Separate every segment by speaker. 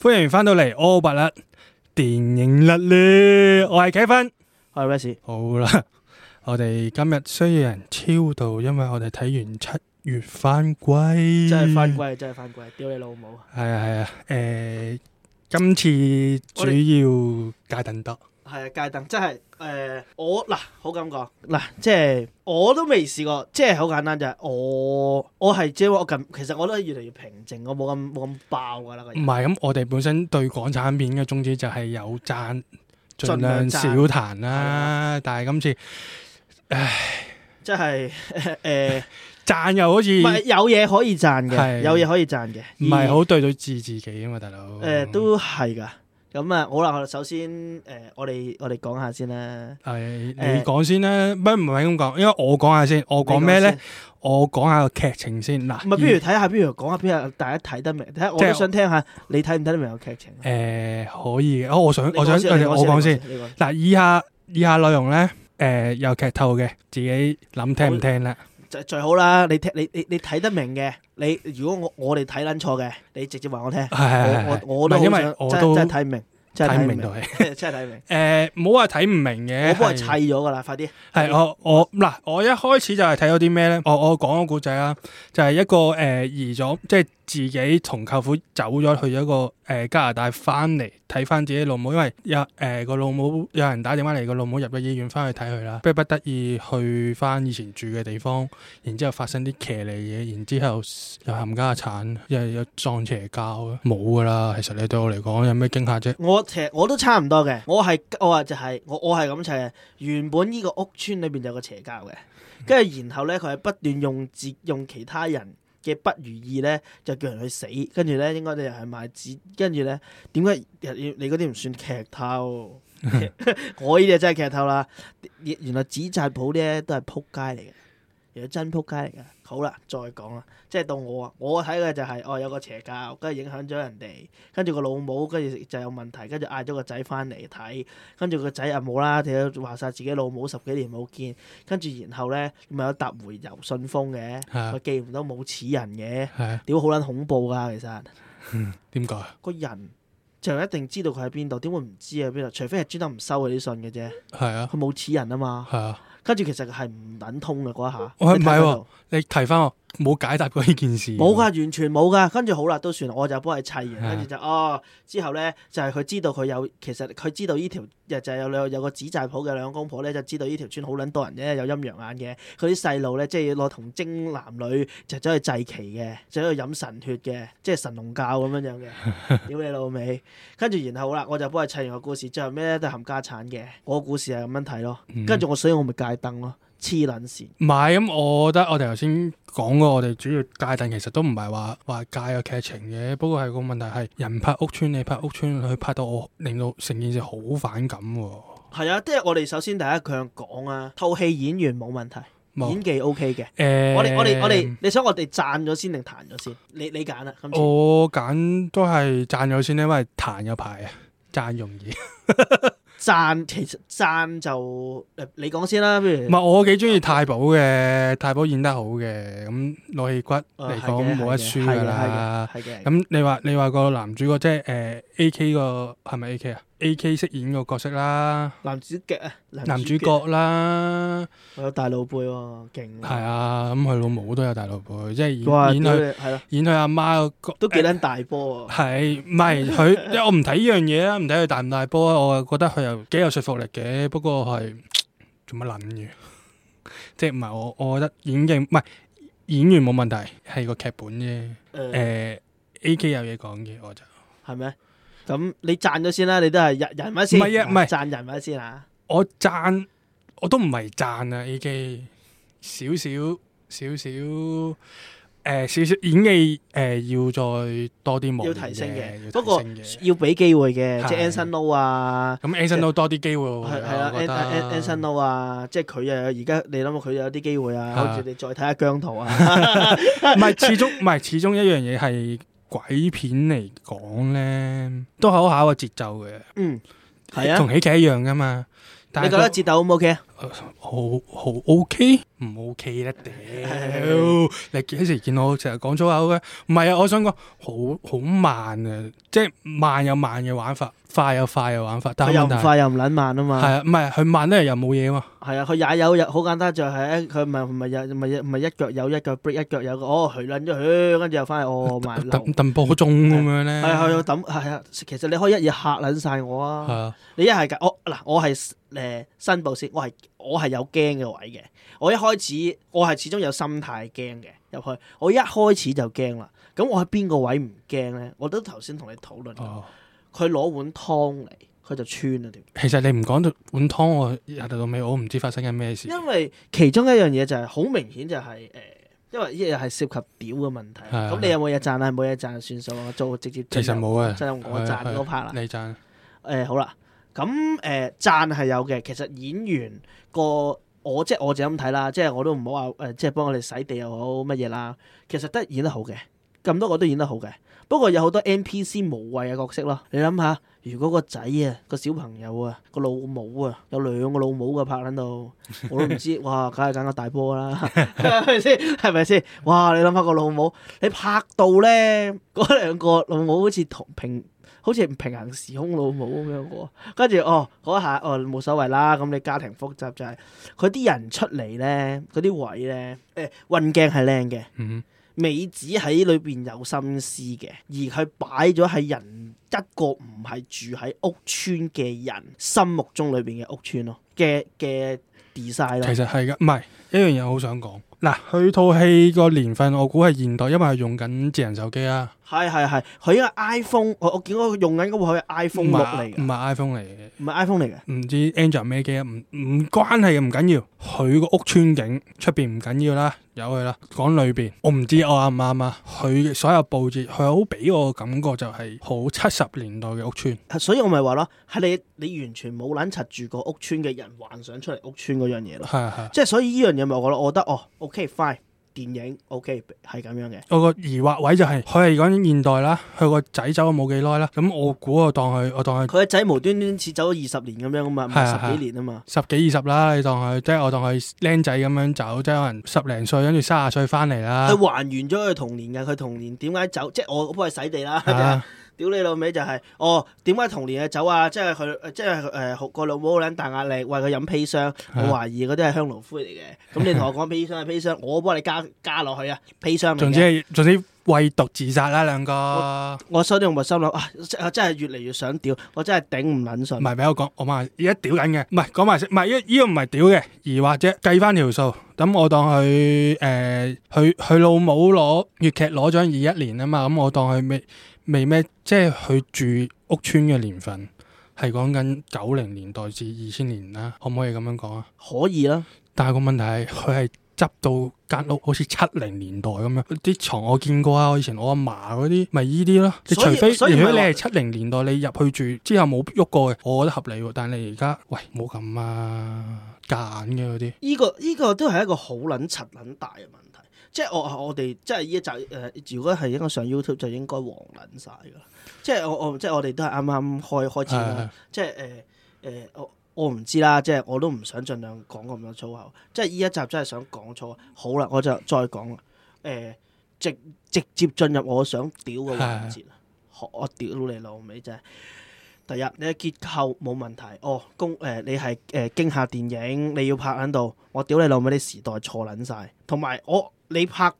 Speaker 1: 歡迎翻到嚟《All But Lat 電影甩甩》，我係啟芬，我係華氏。好啦，我哋今日需要人超度，因為我哋睇完七月返歸，真係返歸，
Speaker 2: 真係返歸，屌你老母！
Speaker 1: 係啊係啊，誒，今次主要街燈多。
Speaker 2: 係啊，戒燈即係誒我嗱，好咁講嗱，即係我都未試過，即係好簡單就係我我係即係我近，其實我都越嚟越平靜，我冇咁冇咁爆噶啦。唔係
Speaker 1: 咁，我哋本身對港產片嘅宗旨就係有讚，
Speaker 2: 盡量少談
Speaker 1: 啦。的但係今次，唉，
Speaker 2: 即係誒讚又好似唔係有嘢可以讚嘅，的有嘢可以讚嘅，唔係好
Speaker 1: 對到自自己啊嘛，大佬。誒、呃，都係噶。
Speaker 2: 咁啊，好啦，我哋首先，誒，我哋我哋講下先啦。
Speaker 1: 係，你講先咧？不唔係咁講，因為我講下先，我講咩咧？我講下個劇情先嗱。唔係，不如
Speaker 2: 睇下，不如講下，邊日大家睇得明？即係我都想聽下，你睇唔睇得明個劇情？
Speaker 1: 誒，可以嘅。哦，我想我想我講先。嗱，以下以下內容咧，誒，有劇透嘅，自己諗聽唔聽啦。
Speaker 2: 就最好啦，你聽你你你睇得明嘅。你如果我我哋睇捻錯嘅，你直接話我聽。係係我我，嗱，我我因為我都真係睇唔明，真係睇唔明，明 真係睇唔明。
Speaker 1: 誒、 呃，唔好話睇唔明嘅。我幫佢砌咗㗎喇，快啲。係我我，嗱，喏我一開始就係睇到啲咩咧？我我講個古仔啦，就係、是、一個誒、呃、移咗即係。自己同舅父走咗去咗個誒、呃、加拿大，翻嚟睇翻自己老母，因為有誒、呃、個老母有人打電話嚟，個老母入咗醫院去去，翻去睇佢啦，逼不得已去翻以前住嘅地方，然之後發生啲騎利嘢，然之後又冚家產，因為又有撞邪教，冇噶啦。其實你對我嚟講有咩驚嚇啫？
Speaker 2: 我我都差唔多嘅，我係我話就係、是、我我係咁就係、是，原本呢個屋村裏邊有個邪教嘅，跟住然後呢，佢係不斷用字用其他人。嘅不如意咧，就叫人去死，跟住咧，應該就係賣紙。跟住咧，點解又要你嗰啲唔算劇透？ 我呢啲真係劇透啦！原原來紙紮鋪咧都係扑街嚟嘅。如果真仆街嚟噶，好啦，再講啦，即係到我啊，我睇嘅就係、是、哦、哎，有個邪教，跟住影響咗人哋，跟住個老母，跟住就有問題，跟住嗌咗個仔翻嚟睇，跟住個仔又冇啦，佢話曬自己老母十幾年冇見，跟住然後咧，咪有沓回郵信封嘅，佢寄唔到冇此人嘅，屌好撚恐怖噶，其實，
Speaker 1: 點解？
Speaker 2: 個、嗯、人就一定知道佢喺邊度，點會唔知喺邊度？除非係專登唔收佢啲信嘅啫，佢冇此人啊嘛，跟住其實係唔等通嘅嗰一下，唔係、哦哦，
Speaker 1: 你提翻我。冇解答過呢件事。冇噶，
Speaker 2: 完全冇噶。跟住好啦，都算，我就幫佢砌完，跟住就哦。之後咧就係、是、佢知道佢有，其實佢知道呢條日就是、有有有個紙紮舖嘅兩個公婆咧，就知道呢條村好撚多人嘅，有陰陽眼嘅。佢啲細路咧，即係攞童真男女就走去祭旗嘅，就喺度飲神血嘅，即係神龍教咁樣樣嘅。屌你老味。跟住然後好啦，我就幫佢砌完個故事，最後咩都冚家產嘅。我故事係咁樣睇
Speaker 1: 咯，跟住
Speaker 2: 我所以我咪戒我燈咯。黐撚線，
Speaker 1: 唔係咁，我覺得我哋頭先講過，我哋主要界定其實都唔係話話界個劇情嘅，不過係個問題係人拍屋村，你拍屋村，佢拍到我令到成件事好反感喎。
Speaker 2: 係啊，即係我哋首先第一句講啊，套戲演員冇問題，沒演技 OK 嘅。誒、呃，我我我我哋你想我哋讚咗先定彈咗先？你你揀啦、啊。我
Speaker 1: 揀都係讚咗先，因為彈有排啊，讚容易。
Speaker 2: 讚其實讚就誒，你講先啦，不如唔係我
Speaker 1: 幾鍾意太保嘅，太、啊、保演得好嘅，咁攞老戲骨嚟講冇得輸噶啦。咁你話你話個男主角即係、呃、誒 A K 個係咪 A K 啊？A. K. 飾演個角色啦，男主角啊，男主角啦，
Speaker 2: 有大老背喎，勁
Speaker 1: 係啊！咁佢老母都有大老背，即係演佢係咯，演佢阿媽都幾捻大波啊！係，唔係佢，我唔睇呢樣嘢啊！唔睇佢大唔大波啊！我啊覺得佢又幾有說服力嘅，不過係做乜捻嘢？即係唔係我？我覺得演技唔係演員冇問題，係個劇本啫。誒，A. K. 有嘢講嘅，我就係咩？咁你賺咗先啦，你都係人人物先，唔係啊，唔係賺人物先啊！我賺我都唔係賺啊，AK 少少少少誒，少少、呃、演技誒、呃，要再多啲磨，要提升嘅，升不
Speaker 2: 過要俾機會嘅，即係 Anson 啊，咁 Anson 多啲機會係係啊 Anson 啊，即係佢啊，而家你諗下佢有啲機會啊，啊好，你再睇下姜濤啊，唔係 始終
Speaker 1: 唔係始終一樣嘢係。鬼片嚟講咧，都好考個節奏嘅。嗯，係啊，同喜劇一樣噶嘛。但係你覺得節奏好唔 OK 啊？好好 OK，唔 OK 咧屌！ 你幾時見我成日講粗口嘅？唔係啊，我想講好好慢啊，即係慢有慢嘅玩法。快又快嘅玩法，但係又唔快又唔撚慢啊嘛。係啊，唔係佢慢咧又冇嘢啊嘛。
Speaker 2: 係啊，佢也有好簡單就係佢唔係唔係唔係唔係一腳有，一腳 break，一腳有個哦，佢捻咗，佢，跟住又翻嚟哦，慢落。頓
Speaker 1: 頓波鐘咁樣咧。係係，
Speaker 2: 等係啊，其實你可以一嘢吓捻晒我啊。你一係我嗱，我係誒申報先，我係我係有驚嘅位嘅。我一開始我係始終有心態驚嘅入去，我一開始就驚啦。咁我喺邊個位唔驚咧？我都頭先同你討論過。佢攞碗湯嚟，佢就穿啦。
Speaker 1: 其實你唔講到碗湯，我入到到尾，我唔知發生緊咩事。因為其中一樣嘢就係、是、好
Speaker 2: 明顯、就是，就係誒，因為呢樣係涉及屌嘅問題。咁是的 你有冇嘢讚啊？冇嘢、嗯、讚算數啊！我做直接其實冇啊，即係我讚嗰 part 啦。你讚誒、呃、好啦，咁誒、呃、讚係有嘅。其實演員個我即係我就咁睇啦，即係我都唔好話誒，即係幫我哋洗地又好乜嘢啦。其實都係演得好嘅，咁多個都演得好嘅。不過有好多 NPC 無謂嘅角色咯，你諗下，如果個仔啊個小朋友啊，老啊個老母啊有兩個老母嘅拍喺度，我都唔知，哇，梗係揀個大波啦，係咪先？係咪先？哇！你諗下個老母，你拍到咧，嗰兩個老母好似平，好似唔平行時空老母咁樣，跟住哦，嗰下哦冇所謂啦，咁你家庭複雜就係佢啲人出嚟咧，嗰啲位咧，誒、欸，運鏡係靚嘅，嗯未止喺裏邊有心思嘅，而佢擺咗喺人一個唔係住喺屋村嘅人心目中裏邊嘅屋村咯，嘅
Speaker 1: 嘅 design 咯。Des 其實係噶，唔係一樣嘢，好想講嗱，佢套戲個年份我估係現代，因為係用緊智能手機啊。係係係，佢個 iPhone，我我見到佢
Speaker 2: 用緊嗰部係 iPhone 六嚟嘅。
Speaker 1: 唔係 iPhone 嚟嘅，唔係 iPhone 嚟嘅，唔知 Android 咩機啊，唔唔關係嘅，唔緊要。佢個屋村景出邊唔緊要啦，由佢啦。講裏邊，我唔知我啱唔啱啊。佢所有布置，佢好俾我個感覺就係好七十年代嘅屋村。所以我咪話咯，
Speaker 2: 係你你完全冇撚柒住過屋村嘅人幻想出嚟屋村嗰樣嘢咯。係係，即係所以呢樣嘢咪我咯，我覺得哦，OK fine。電影 OK 係咁樣嘅。
Speaker 1: 我個疑惑位就係佢係講現代啦，佢個仔走咗冇幾耐啦。咁我估我當佢，我當佢。佢
Speaker 2: 個仔無端端似走咗二十年咁樣啊嘛，唔係十幾年嘛啊嘛、啊。
Speaker 1: 十幾二十啦，你當佢即係我當佢僆仔咁樣走，即係可能十零歲跟住卅歲翻嚟啦。佢
Speaker 2: 還原咗佢童年㗎，佢童年點解走？即係我幫佢洗地啦。啊 屌你老味就係哦，點解童年嘅酒啊？即係佢，即係誒，個老母好撚大壓力，為佢飲砒霜，我懷疑嗰啲係香爐灰嚟嘅。咁你同我講砒霜係砒霜，我幫你加加落去啊！砒霜。總之總之餵毒自殺啦，兩個。我收啲用心諗啊，真
Speaker 1: 係越嚟越想屌，我真係頂唔撚順。唔係俾我講，我話而家屌緊嘅，唔係講埋，唔係依依個唔係屌嘅，而或者計翻條數，咁我當佢誒，佢佢老母攞粵劇攞咗二一年啊嘛，咁我當佢未。未咩？即係佢住屋村嘅年份，係講緊九零年代至二千年啦。可唔可以咁樣講啊？可以啦。但係個問題係佢係執到間屋，好似七零年代咁樣。啲床我見過啊，我以前我阿嫲嗰啲咪依啲咯。你以除非如果你係七零年代，你入去住之後冇喐過嘅，我覺得合理。但係你而家喂，冇咁啊，硬嘅嗰啲。
Speaker 2: 依、這個依、這個都係一個好撚柒撚大嘅問題。即係我我哋即係呢一集誒、呃，如果係應該上 YouTube 就應該黃撚晒㗎。即係我我即係我哋都係啱啱開開始、啊、即係誒誒，我我唔知啦。即係我都唔想盡量講咁多粗口。即係呢一集真係想講粗口。好啦，我就再講啦。誒、呃、直直接進入我想屌嘅環節啦。啊、我屌你老味的，真係第一，你嘅結構冇問題。哦，公誒、呃、你係誒、呃、驚嚇電影，你要拍喺度我屌你老味啲時代錯撚晒，同埋我。你拍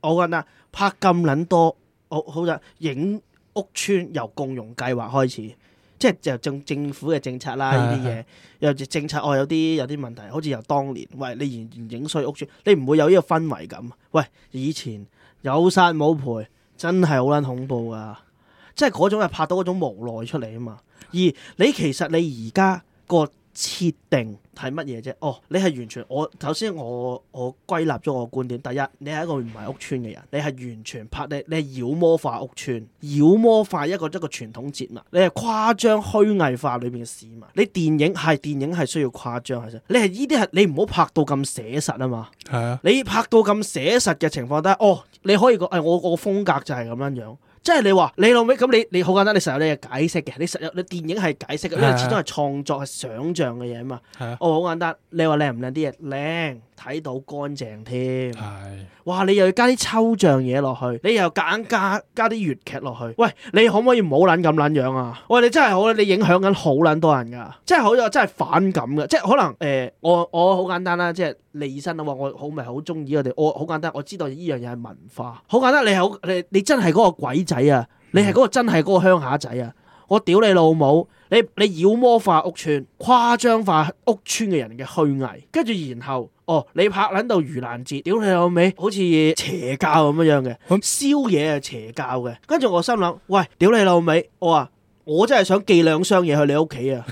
Speaker 2: 我覺得拍咁撚多，好好就影屋村由共融計劃開始，即係就政政府嘅政策啦呢啲嘢，又政策我，哦，有啲有啲問題，好似由當年喂，你仍然影衰屋村，你唔會有呢個氛圍咁。喂，以前有殺冇賠，真係好撚恐怖噶，即係嗰種係拍到嗰種無奈出嚟啊嘛。而你其實你而家個。設定係乜嘢啫？哦，你係完全我首先我我歸納咗我嘅觀點。第一，你係一個唔係屋村嘅人，你係完全拍你你係妖魔化屋村，妖魔化一個一個傳統節日，你係誇張虛偽化裏邊嘅事物。你電影係電影係需要誇張，其實你係呢啲係你唔好拍到咁寫實啊嘛。係啊，你拍到咁寫實嘅情況底下，哦，你可以講誒、哎，我我個風格就係咁樣樣。即係你話你老味，咁你你好簡單，你實有啲嘢解釋嘅，你實有你電影係解釋嘅，因為始終係創作係想像嘅嘢啊嘛。的哦，好簡單，你話靚唔靚啲嘢靚，睇到乾淨添。的哇，你又要加啲抽象嘢落去，你又夾硬加加啲粵劇落去。喂，你可唔可以唔好撚咁撚樣啊？喂，你真係好，你影響緊好撚多人㗎。即係好，真係反感㗎。即係可能誒、欸，我我好簡單啦，即係你生啦，我好咪好中意佢哋。我好簡單，我知道呢樣嘢係文化。好簡單，你係好你你真係嗰個鬼仔啊！你係嗰個真係嗰個鄉下仔啊！我屌你老母！你你妖魔化屋村、誇張化屋村嘅人嘅虛偽，跟住然後哦，你拍捻到盂蘭節，屌你老味，好似邪教咁樣樣嘅，咁宵夜係邪教嘅。跟住我心諗，喂，屌你老味！」我話我真係想寄兩箱嘢去你屋企啊！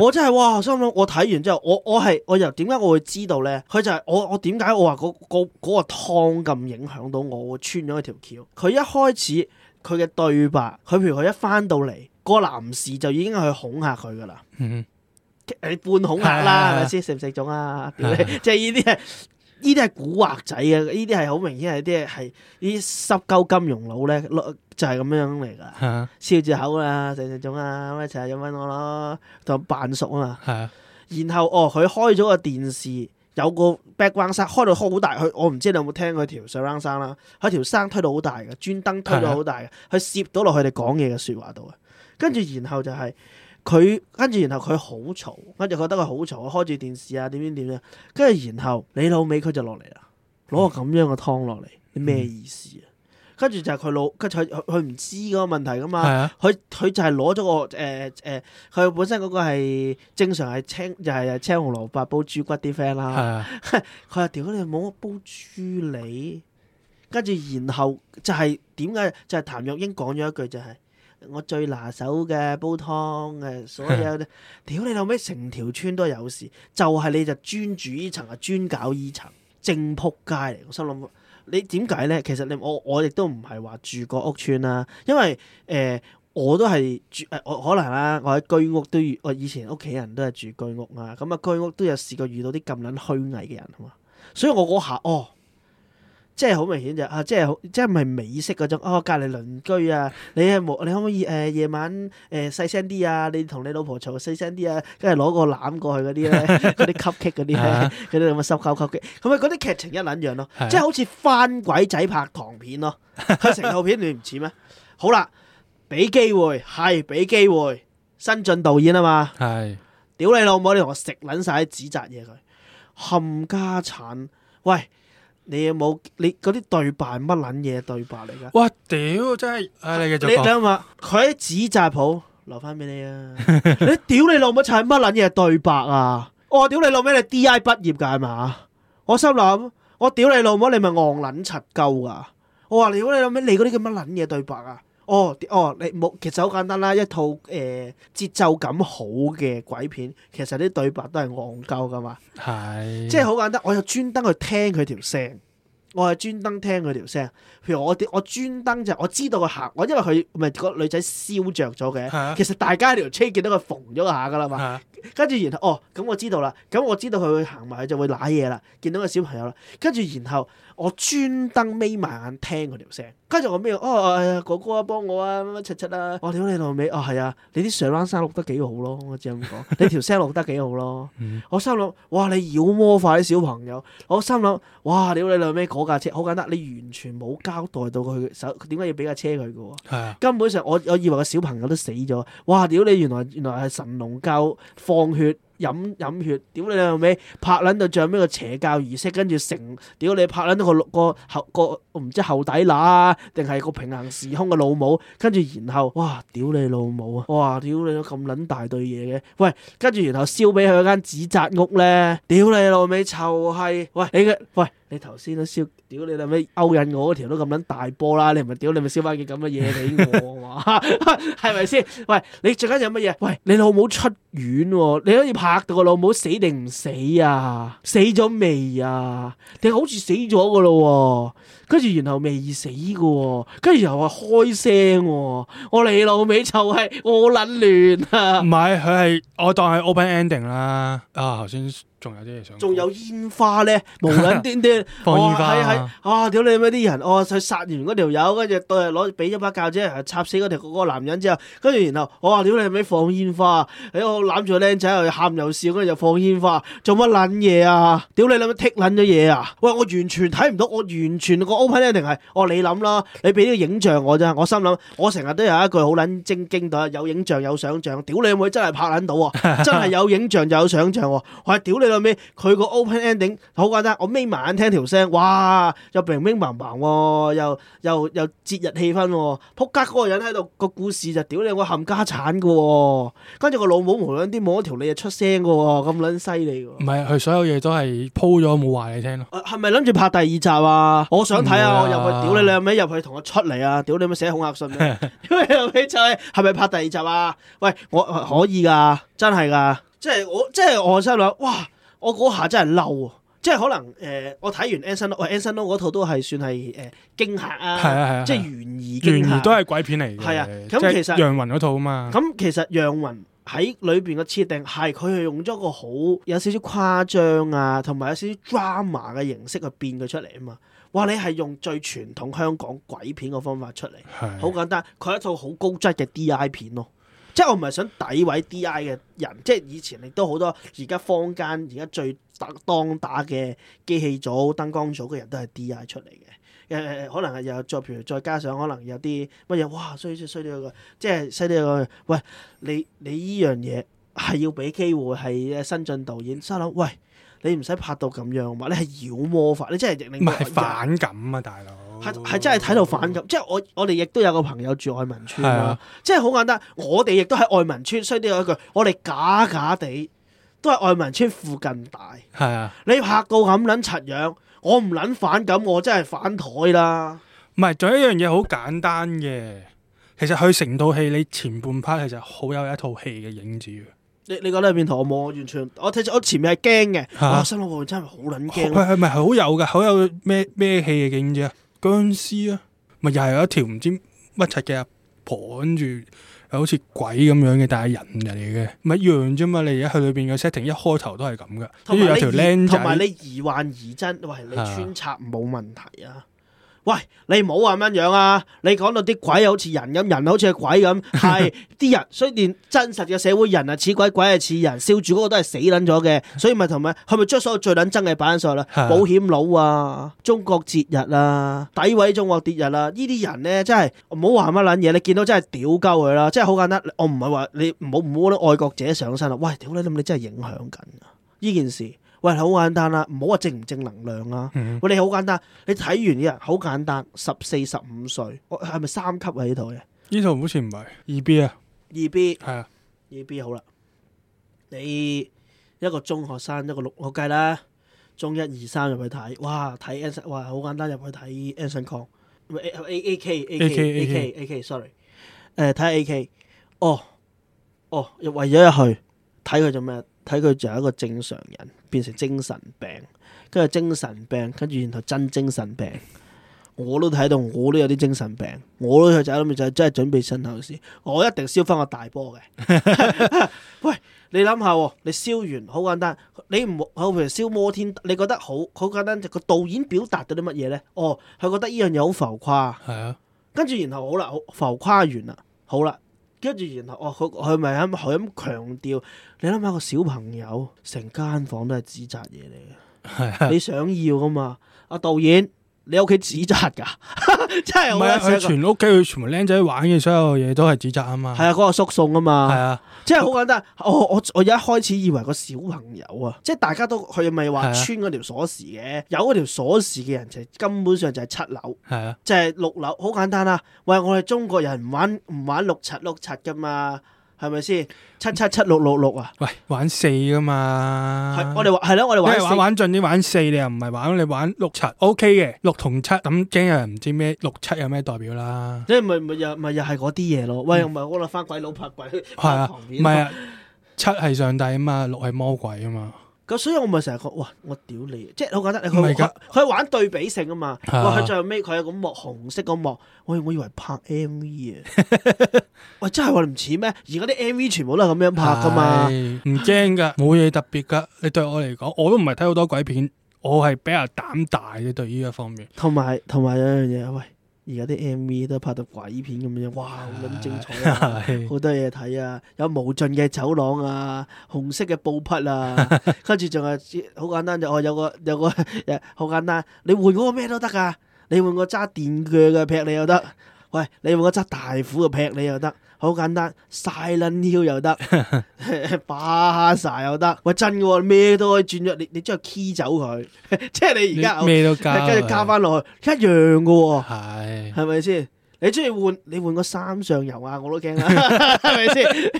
Speaker 2: 我真係哇！心諗我睇完之後，我我係我又點解我會知道呢。就是」佢就係我我點解我話嗰嗰嗰個湯咁影響到我，我穿咗一條橋？佢一開始。佢嘅對白，佢譬如佢一翻到嚟，個男士就已經去恐嚇佢噶啦，你、嗯、半恐嚇啦，係咪先？食唔食粽啊？即係呢啲係呢啲係古惑仔啊！呢啲係好明顯係啲係啲濕鳩金融佬咧，就係咁樣嚟噶，笑住口啦，食唔食粽啊？咁你一齊飲返我咯，就扮熟嘛啊嘛、啊。然後哦，佢開咗個電視。有個 background 聲開到好大，佢我唔知你有冇聽過條 background 聲啦，佢條聲推，推到好大嘅，專登推到好大嘅，佢攝到落佢哋講嘢嘅説話度嘅，跟住然後就係、是、佢，跟住然後佢好嘈，跟住覺得佢好嘈，開住電視啊點點點啊，跟住然後你老味，佢就落嚟啦，攞個咁樣嘅湯落嚟，你咩意思啊？嗯跟住就係佢老，跟住佢佢唔知嗰個問題噶嘛，佢佢、啊、就係攞咗個誒誒，佢、呃呃、本身嗰個係正常係青，就係、是、青紅蘿蔔煲豬骨啲 friend 啦。佢話、啊：屌 你冇乜煲豬脷。跟住然後就係點解？就係、是、譚玉英講咗一句就係、是：我最拿手嘅煲湯嘅所有。屌、啊、你老味，成條村都有事，就係、是、你就專注依層，專搞依層，正撲街嚟！我心諗。你點解咧？其實你我我亦都唔係話住過屋村啦、啊，因為誒、呃、我都係住誒我、呃、可能啦，我喺居屋都要。我以前屋企人都係住居屋啊，咁啊居屋都有試過遇到啲咁撚虛偽嘅人啊嘛，所以我嗰下哦。即係好明顯就啊，即係即係唔係美式嗰種、哦、隔離鄰居啊，你係冇你可唔可以誒夜、呃、晚誒、呃、細聲啲啊？你同你老婆嘈細聲啲啊，跟住攞個攬過去嗰啲咧，嗰啲吸吸嗰啲咧，嗰啲咁嘅收溝溝吸，咁啊嗰啲劇情一撚樣咯，即係好似翻鬼仔拍糖片咯，成、啊、套片亂唔似咩？好啦，俾機會係俾機會新晉導演啊嘛，係是屌你老母！你同我食撚晒啲紙紮嘢佢冚家產，喂！喂你有冇你嗰啲對白乜撚嘢對白嚟噶？哇
Speaker 1: 屌真係、哎，你諗下
Speaker 2: 佢喺紙紮鋪留翻俾你啊！ 你屌你老母就係乜撚嘢對白啊我我？我屌你老母你 D I 畢業㗎係嘛？我心諗我屌你老母你咪戇撚柒鳩啊！我話屌你老母你嗰啲叫乜撚嘢對白啊？哦，哦，你冇，其實好簡單啦，一套誒、呃、節奏感好嘅鬼片，其實啲對白都係戇鳩噶嘛，
Speaker 1: 係即係
Speaker 2: 好簡單。我有專登去聽佢條聲，我係專登聽佢條聲。譬如我我專登就是、我知道佢行，我因為佢唔係個女仔燒着咗嘅，啊、其實大家喺條車見到佢縫咗下噶啦嘛，跟住、啊、然後哦，咁我知道啦，咁我知道佢會行埋去就會揦嘢啦，見到個小朋友啦，跟住然後。我專登眯埋眼聽佢條聲，跟住我咩？哦，哎、哥哥啊，幫我啊，乜乜柒柒啊？我屌你老味！哦係啊，你啲上山山錄得幾好咯，我只係咁講，你條聲錄得幾好咯。 嗯、我心諗，哇！你妖魔化啲小朋友，我心諗，哇！屌你老味！嗰架車好簡單，你完全冇交代到佢手，點解要俾架車佢㗎喎？係、啊、根本上我我以為個小朋友都死咗，哇！屌你原來原來係神龍教放血。飲飲血，屌你老味，拍撚到像咩個邪教儀式，跟住成，屌你拍撚到個六個後個唔知後底乸，定係個平行時空嘅老母，跟住然後，哇，屌你老母啊，哇，屌你咁撚大對嘢嘅，喂，跟住然後燒俾佢間紙紮屋咧，屌你老味，臭閪，喂你嘅，喂。你頭先都燒，屌你諗咩勾引我嗰條都咁樣大波啦！你唔係屌你咪燒翻件咁嘅嘢俾我嘛？係咪先？喂，你最緊要有乜嘢？喂，你老母出院喎、啊！你可以拍到個老母死定唔死啊？死咗未啊？定好似死咗噶咯？跟住然後未
Speaker 1: 死噶、啊，跟住又話開聲、啊，我你老味就係我捻亂啦！唔係佢係我當係 open ending 啦。啊，頭先。仲有啲嘢上，仲有煙花咧、啊哦，無論啲啲，我喺喺，啊、哦，屌你咩啲人，我、哦、
Speaker 2: 佢殺完嗰條友，跟住對攞俾一把教子，插死嗰條嗰個男人之後，跟住然後，我、哦、話：屌你咪放煙花、啊！哎，我攬住個靚仔又喊又笑，跟住就放煙花，做乜撚嘢啊？屌你諗咩？剔撚咗嘢啊？喂，我完全睇唔到，我完全、個 open 一定係，我你諗啦，你俾啲影像我啫。我心諗，我成日都有一句好撚精經到，有影像有想像。屌你咪真係拍撚到啊？真係有影像就有想像喎、啊！我屌你。 佢個 open ending 好簡單，我眯埋眼聽條聲，哇又乒乒乓乓，又又又節日氣氛，仆街嗰個人喺度個故事就屌你我冚家產嘅，跟住個老母無卵啲冇一條你啊出聲嘅，咁撚犀利
Speaker 1: 嘅。唔係，佢所有嘢都係鋪咗，冇話你聽咯。係
Speaker 2: 咪諗住拍第二集啊？我想睇下我入去屌你，你有入去同我出嚟啊？屌你，咪咩寫恐嚇信屌你戲真係係咪拍第二集啊？喂，我可以噶，真係噶，即係我即係我心諗哇。我嗰下真係嬲，即係可能誒、呃，我睇完 Anson Lo，喂，Anson Lo 嗰套都係算係誒、呃、驚嚇
Speaker 1: 啊，啊即係懸疑驚嚇，懸疑都係鬼片嚟。係啊，咁其實楊雲嗰套啊嘛，咁、
Speaker 2: 嗯、其實楊雲喺裏邊嘅設定係佢係用咗個好有少少誇張啊，同埋有少少 drama 嘅形式去變佢出嚟啊嘛。哇！你係用最傳統香港鬼片嘅方法出嚟，好係簡單，佢係一套好高質嘅 DI 片咯。即我唔係想詆毀 D.I. 嘅人，即以前亦都好多，而家坊間而家最當打嘅機器組、燈光組嘅人都係 D.I. 出嚟嘅。誒、呃、誒，可能又再譬如再加上可能有啲乜嘢，哇衰衰衰啲個，即係衰啲個。喂，你你依樣嘢係要俾機會係新晉導演，心諗，喂，你唔使拍到咁樣嘛？你係妖魔化，你真係你唔係反感啊，大佬！係係真係睇到反感，oh, oh, oh. 即係我我哋亦都有個朋友住愛民村啦。Yeah. 即係好簡單，我哋亦都喺愛民村，所以都有一句，我哋假假地都係愛民村附近大。
Speaker 1: 係啊，你拍到咁撚柒樣，我唔撚反感，我真係反台啦。唔係，仲有一樣嘢好簡單嘅，其實佢成套戲你前半 part 其實好有一套戲嘅影子
Speaker 2: 你你覺得入邊同我冇完全，我睇住我前面係驚嘅，Yeah. 啊、心我心諗真係好撚驚。係
Speaker 1: 咪？係好有嘅？好有咩咩戲嘅影子啊？僵屍啊，咪又係有一條唔知乜柒嘅阿婆跟住好似鬼咁樣嘅，但係人嚟嘅，咪一樣啫嘛。你而家去裏邊嘅 setting 一開頭都係咁嘅，跟住有，有條僆仔，同埋你
Speaker 2: 疑幻疑真，喂，你穿插冇問題啊。啊喂，你唔好話咁樣樣啊！你講到啲鬼好似人咁，人好似鬼咁，係啲人雖然真實嘅社會人啊，似鬼鬼啊似人，笑住嗰個都係死撚咗嘅，所以咪同埋，係咪將所有罪撚真嘅擺上啦？是啊、保險佬啊，中國節日啊，詆毀中國節日啊！呢啲人咧真係唔好話乜撚嘢，你見到真係屌鳩佢啦！真係好簡單，我唔係話你唔好唔好攞愛國者上身啊。喂，屌你咁你真係影響緊啊！呢件事。喂，好簡單啦、啊，唔好話正唔正能量啦、啊。嗯、喂，你好簡單，你睇完啲人好簡單，十四十五歲，係咪、哦、三級啊？呢套嘢？呢套好似唔係
Speaker 1: 二 B 啊？二
Speaker 2: B 係啊，二 B 好啦。你一個中學生，一個六我計啦，中一二三入去睇，哇睇 Anson 哇好簡單入去睇 Anson、啊、Kong，唔係 A A K A K A K A K A K sorry，誒、呃、睇下 A K，哦哦入、哦、為咗入去睇佢做咩？睇佢就係一個正常人變成精神病，跟住精神病，跟住然後真精神病，我都睇到，我都有啲精神病，我都喺度就諗住，就是、真係準備身後事，我一定燒翻個大波嘅。 喂，你諗下，你燒完好簡單，你唔好譬如燒摩天，你覺得好好簡單，就個導演表達咗啲乜嘢呢？哦，佢覺得依樣嘢好浮誇，跟住、啊、然後好啦，浮誇完啦，好啦。跟住然後哦，佢佢咪喺佢咁強調，你諗下個小朋友，成間房都係紙扎嘢嚟嘅， 你想要噶嘛？啊，導演。你屋企紙紮噶， 真係唔係啊！全屋
Speaker 1: 企佢全部僆仔玩嘅所有嘢都係紙紮啊嘛！係啊，嗰個叔送啊嘛！
Speaker 2: 係啊，即係好簡單。我我我一開始以為個小朋友啊，即係大家都佢咪話穿嗰條鎖匙嘅，啊、有嗰條鎖匙嘅人就係、根本上就係七樓，係啊，即係六樓。好簡單啊，喂，我哋中國人唔玩唔玩六七六七噶嘛？係咪先七七七六六六啊？
Speaker 1: 喂，玩四噶嘛？係我哋玩係咯，我哋玩玩盡啲玩，玩四，你又唔係玩，你玩六七 OK 嘅六同七，咁驚有人唔知咩六七有咩代表啦？即係咪咪又咪又係嗰啲嘢咯？喂，咪、嗯、
Speaker 2: 我哋翻鬼佬拍鬼係啊，唔係啊，
Speaker 1: 七係上帝啊嘛，六係魔鬼啊嘛。咁所以我咪成日講哇，我屌你，
Speaker 2: 即係我覺得你。佢佢玩對比性啊嘛。喂、啊，佢最後尾，佢有嗰幕紅色嗰幕，我我以為拍 M V 啊。 喂，真係話唔似咩？而家啲
Speaker 1: M V 全部都係咁樣拍噶嘛，唔驚噶，冇嘢特別噶。你對我嚟講，我都唔係睇好多鬼片，我係比較膽大嘅對於呢一方面。同埋同埋有一樣嘢，喂。而家啲 MV 都拍到鬼片咁樣，哇，好精彩啊！好 多嘢
Speaker 2: 睇啊，有無盡嘅走廊啊，紅色嘅布匹啊，跟住仲有，好簡單就哦，有個有個，好 簡單，你換嗰個咩都得噶，啊，你換個揸電鋸嘅劈你又得，喂，你換個揸大斧嘅劈你又得。好簡單，Silent Hill 又得， 巴曬又得，喂，真嘅喎、哦，咩都可以轉咗，你你將佢 key 走佢，即 係你而家咩都加、嗯，跟住加翻落去的一樣嘅喎、哦，係係咪先？你中意換你換個三上游啊？我都驚啦、啊，係咪先？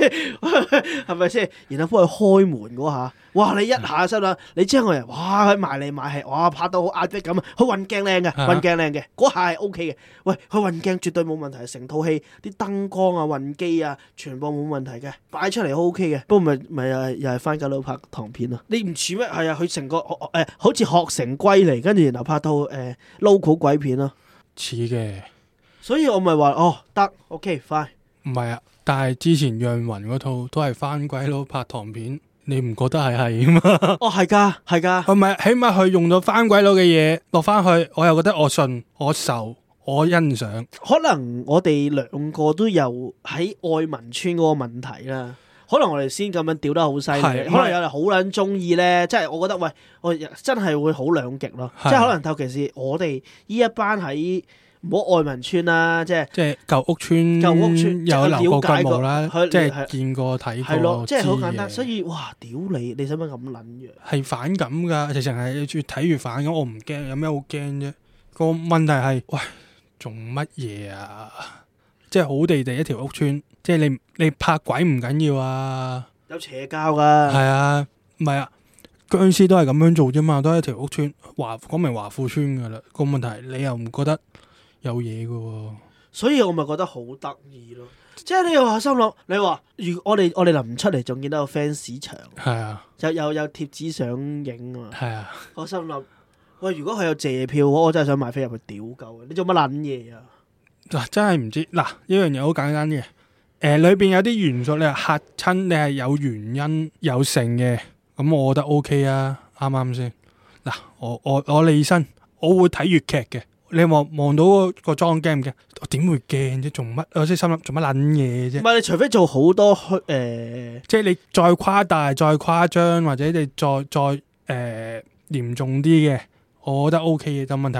Speaker 2: 係咪先？ 然後幫佢開門嗰下，哇！你一下識啦，你知我人哇佢埋嚟埋去，哇，近來近來哇拍到好壓迫感啊，佢運鏡靚嘅，運鏡靚嘅嗰下係 O K 嘅。喂，佢運鏡絕對冇問題，成套戲啲燈光啊、運機啊，全部冇問題嘅，擺出嚟 O K 嘅。不過咪，係又係又係翻舊路拍唐片咯？你唔似咩？係啊，佢成個、呃、好似學成歸嚟，跟住然後拍到誒、呃、local 鬼片咯，似嘅。所以我咪話哦得 OK fine
Speaker 1: 唔係啊，但係之前楊雲嗰套都係翻鬼佬拍唐片，你唔覺得係係啊嘛？ 哦係噶係噶，唔咪，起碼佢用到翻鬼佬嘅嘢落翻去，我又覺得我信我受我，我欣賞。
Speaker 2: 可能我哋兩個都有喺愛民村嗰個問題啦。可能我哋先咁樣屌得好犀利。的可能有啲好撚中意咧，即係我覺得喂，我真係會好兩極咯。即係的可能尤其是我哋呢一班喺。冇愛民村啦，是即係
Speaker 1: 即係舊屋村，舊屋村有留過腳毛啦，即係見過睇是過，係咯的，即係好簡單。
Speaker 2: 所以哇，屌你，你使乜咁撚樣
Speaker 1: 啊？係反感噶，直情係越睇越反感。我唔驚，有咩好驚啫？個問題係喂，做乜嘢啊？即係好地地一條屋村，即係你你拍鬼唔緊要啊？
Speaker 2: 有邪教噶，係啊，
Speaker 1: 唔係啊，僵屍都係咁樣做啫嘛，都係一條屋村華講明華富村噶啦。這個問題你又唔覺得？有嘢㗎喎，
Speaker 2: 所以我咪覺得好得
Speaker 1: 意咯。即係你又話心諗，你話如
Speaker 2: 我哋我哋臨出嚟，仲見到個 fans 市場，
Speaker 1: 係啊，
Speaker 2: 有有有貼紙想影啊，係啊。我心諗，
Speaker 1: 喂，如果佢有謝票嘅話，我我真係想買飛入去屌鳩啊。你做乜撚嘢啊？真係唔知嗱，呢樣嘢好簡單嘅。誒，裏邊有啲元素你話吓親，你係有原因有成嘅。咁我覺得 OK 啊，啱啱先？嗱，我我我理身，我會睇粵劇嘅。你望望到個妝驚唔驚？我點會驚啫？做乜？我即係心諗做乜撚嘢啫？唔係你除
Speaker 2: 非做好多虛，誒，呃、
Speaker 1: 即係你再誇大，再誇張，或者你再再誒、呃、嚴重啲嘅，我覺得 OK 嘅。但問題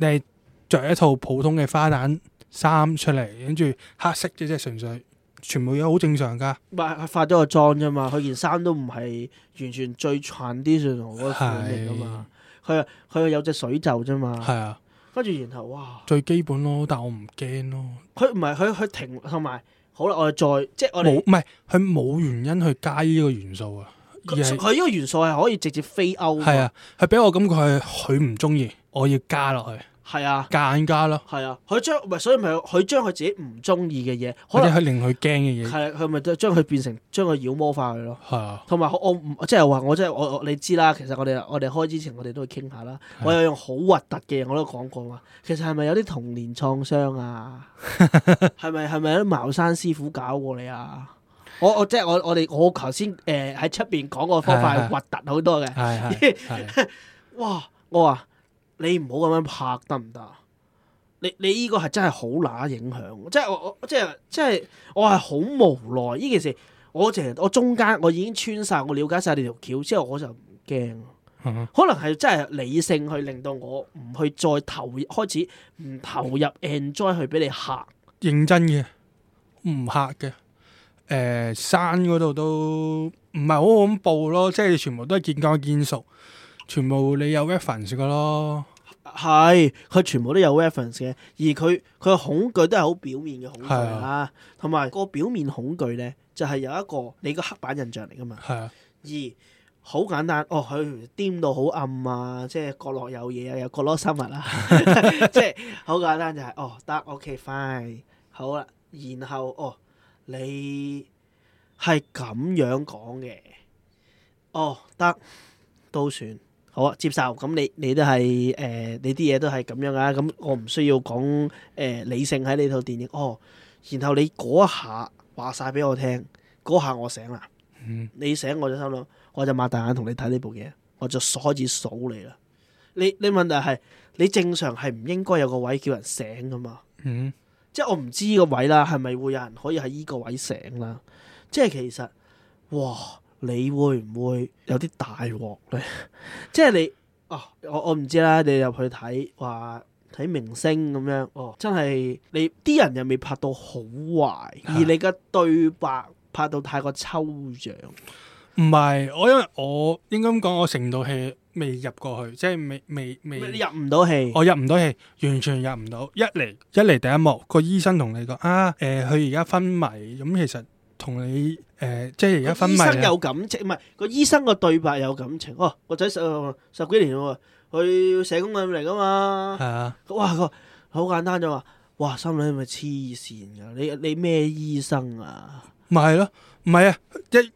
Speaker 1: 係你著一套普通嘅花旦衫出嚟，跟住黑色嘅，即係純粹全部嘢好正常噶。
Speaker 2: 唔係化咗個妝啫嘛，佢件衫都唔係完全最殘啲嘅嗰個樣嚟噶嘛。佢佢是有隻水袖啫嘛。係啊。跟住然後哇，最基本咯，但係我唔驚咯。佢唔係佢佢停同埋好啦，我哋再即係我哋冇唔係
Speaker 1: 佢冇原因去加呢個元素啊。佢而佢呢
Speaker 2: 個元素係可以直接飛歐。係啊，
Speaker 1: 佢俾我感覺係佢唔中意，我要加落去。係啊，夾硬加咯，係啊，
Speaker 2: 佢將唔係，所以咪佢將佢自己唔中意嘅嘢，或者佢
Speaker 1: 令佢驚嘅嘢，係
Speaker 2: 啊佢咪將佢變成將佢妖魔化佢咯，係啊，同埋我唔即係話我即係、就是、我,我,我，你知啦，其實我哋我哋開之前我哋都會傾下啦，啊、我有用好核突嘅嘢，我都講過嘛，其實係咪有啲童年創傷啊？係咪係咪有啲茅山師傅搞過你啊？我我即係、就是、我我哋我頭先誒喺出邊講個方法核突好多嘅，哇！我話。你唔好咁樣拍得唔得？你你呢個係真係好乸影響，即係我我即係即係我係好無奈呢件事。我成日我中間我已經穿晒，我了解晒你條橋之後，我就唔驚。嗯、可能係真係理性去令到我唔去再投入，開始，唔投入 enjoy 去俾你吓。
Speaker 1: 認真嘅，唔吓嘅。誒、呃，山嗰度都唔係好恐怖咯，即係全部都係見慣見熟。全部你有 reference 噶咯，係佢全部都有 reference 嘅，而
Speaker 2: 佢佢嘅恐懼都係好表面嘅恐懼啦、啊，同埋個表面恐懼咧就係、是、有一個你個黑板印象嚟噶嘛，啊、而好、嗯、簡單哦，佢掂到好暗啊，即係角落有嘢啊，有角落生物啊，即係好簡單就係哦得，OK fine，好啦，然後哦你係咁樣講嘅，哦得都算。的 3 つ 1 好啊，接受咁你你都係誒、呃，你啲嘢都係咁樣啊。咁我唔需要講誒、呃，理性喺呢套電影哦。然後你嗰下話晒俾我聽，嗰下我醒啦。嗯、你醒我就心諗，我就擘大眼同你睇呢部嘢，我就開始數你啦。你你問題係，你正常係唔應該有個位叫人醒㗎嘛？嗯、即係我唔知個位啦，係咪會有人可以喺呢個位醒啦？即係其實，哇！你會唔會有啲大鑊呢？ 即係你哦，我我唔知啦。你入去睇話睇明星咁樣哦，真係你啲
Speaker 1: 人又未拍到
Speaker 2: 好壞，啊、而你嘅對白拍到太過抽象。
Speaker 1: 唔係，我因為我應該咁講，我成套戲未入過去，即係未未未入唔到戲，我入唔到戲，完全入唔到。一嚟一嚟第一幕個醫生同你講啊，誒、呃，佢而家昏迷，咁其實同你。誒、呃，即係而家昏迷有
Speaker 2: 感情，唔係個醫生個對白有感情。哦，個仔十十幾年咯，佢社工咁嚟噶嘛。係啊，哇，佢好簡單就話，哇，心裏係咪黐線噶，你你咩醫生啊？
Speaker 1: 咪係咯，唔係啊，一誒呢、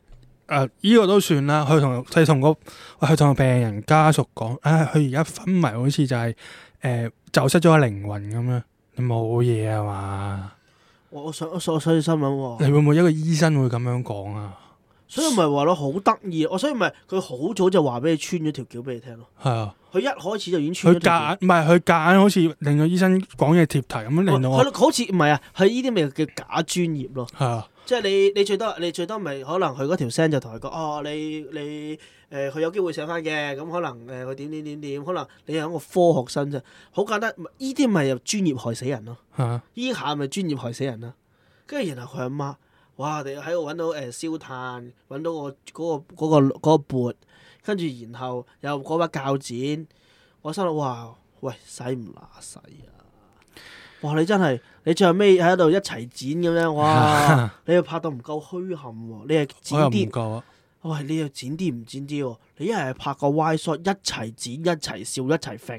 Speaker 1: 呃這個都算啦。佢同佢同個佢同病人家屬講，唉、哎，佢而家昏迷好、就是，好、呃、似就係誒，走失咗個靈魂咁樣，你冇嘢啊嘛？
Speaker 2: 我我想我所以心諗，你會唔
Speaker 1: 會一個醫生會咁樣講啊所？
Speaker 2: 所以咪話咯，好得意啊！我所以咪佢好早就話俾你穿咗條橋俾你聽咯。係啊，佢一開始就已經穿條。佢夾硬
Speaker 1: 唔係佢夾硬好似令個醫生講嘢貼題咁，令到我好似唔係啊。佢呢啲咪叫假專業咯。係啊。
Speaker 2: 即係你，你最多，你最多咪可能佢嗰條聲就同佢講， 哦，你你誒，佢、呃、有機會醒返嘅，咁可能誒，佢點點點點，可能你係一個科學生啫，好簡單，依啲咪又專業害死人咯，依、啊、下咪專業害死人咯。跟住然後佢阿媽，哇！我哋喺度揾到誒燒、呃、炭，揾到、那個嗰、那個嗰、那個嗰、那個撥，跟住然後又嗰把鉸剪，我心諗哇，喂，使唔啦，使啊！哇！你真係你最後尾喺度一齊剪咁樣，哇！ 你又拍到唔夠虛撼喎，你又剪啲，夠喂！你又剪啲唔剪啲喎，你一係拍個 wide shot，一齊剪一齊笑一齊甩，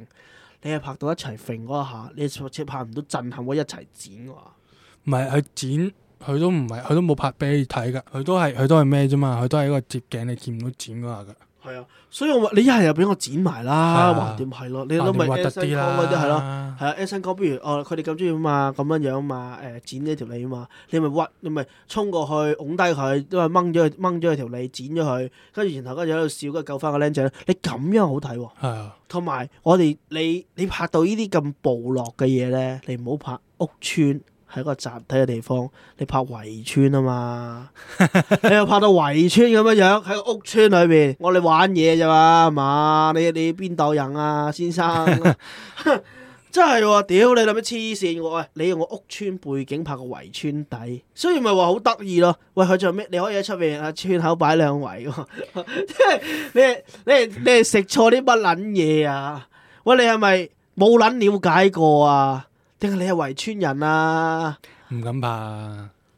Speaker 2: 你又拍到一齊甩嗰下，你又攝拍唔到震撼喎，一齊剪啊！
Speaker 1: 唔係佢剪，佢都唔係，佢都冇拍俾你睇噶，佢都係佢都係咩啫嘛，佢都係一個接鏡，你見唔到剪嗰下噶。係啊，所以我話你一係又俾我剪埋啦，橫掂係咯，你都咪啱啲啦，嗰啲係咯，
Speaker 2: 係啊 a n 新哥不如哦，佢哋咁中意嘛，咁樣樣嘛，誒，剪呢條脷啊嘛，你咪屈，你咪衝過去，㧬低佢，因為掹咗佢，掹咗佢條脷，剪咗佢，跟住然後跟住喺度笑，跟住救翻個僆仔，你咁樣好睇喎，同埋我哋你你拍到呢啲咁部落嘅嘢咧，你唔好拍屋村。喺一個集體嘅地方，你拍圍村啊嘛， 你又拍到圍村咁樣樣，喺個屋村裏面，我哋玩嘢咋嘛？嘛，你你邊度人啊，先生啊？ 真係，屌你諗乜黐線我啊！你用個屋村背景拍個圍村底，所以咪話好得意咯。喂，佢做咩？你可以喺出邊啊，村口擺兩圍。即 係你你你係食錯啲乜撚嘢啊？喂，你係咪冇捻了解過啊？定係你係圍村人啊？唔敢怕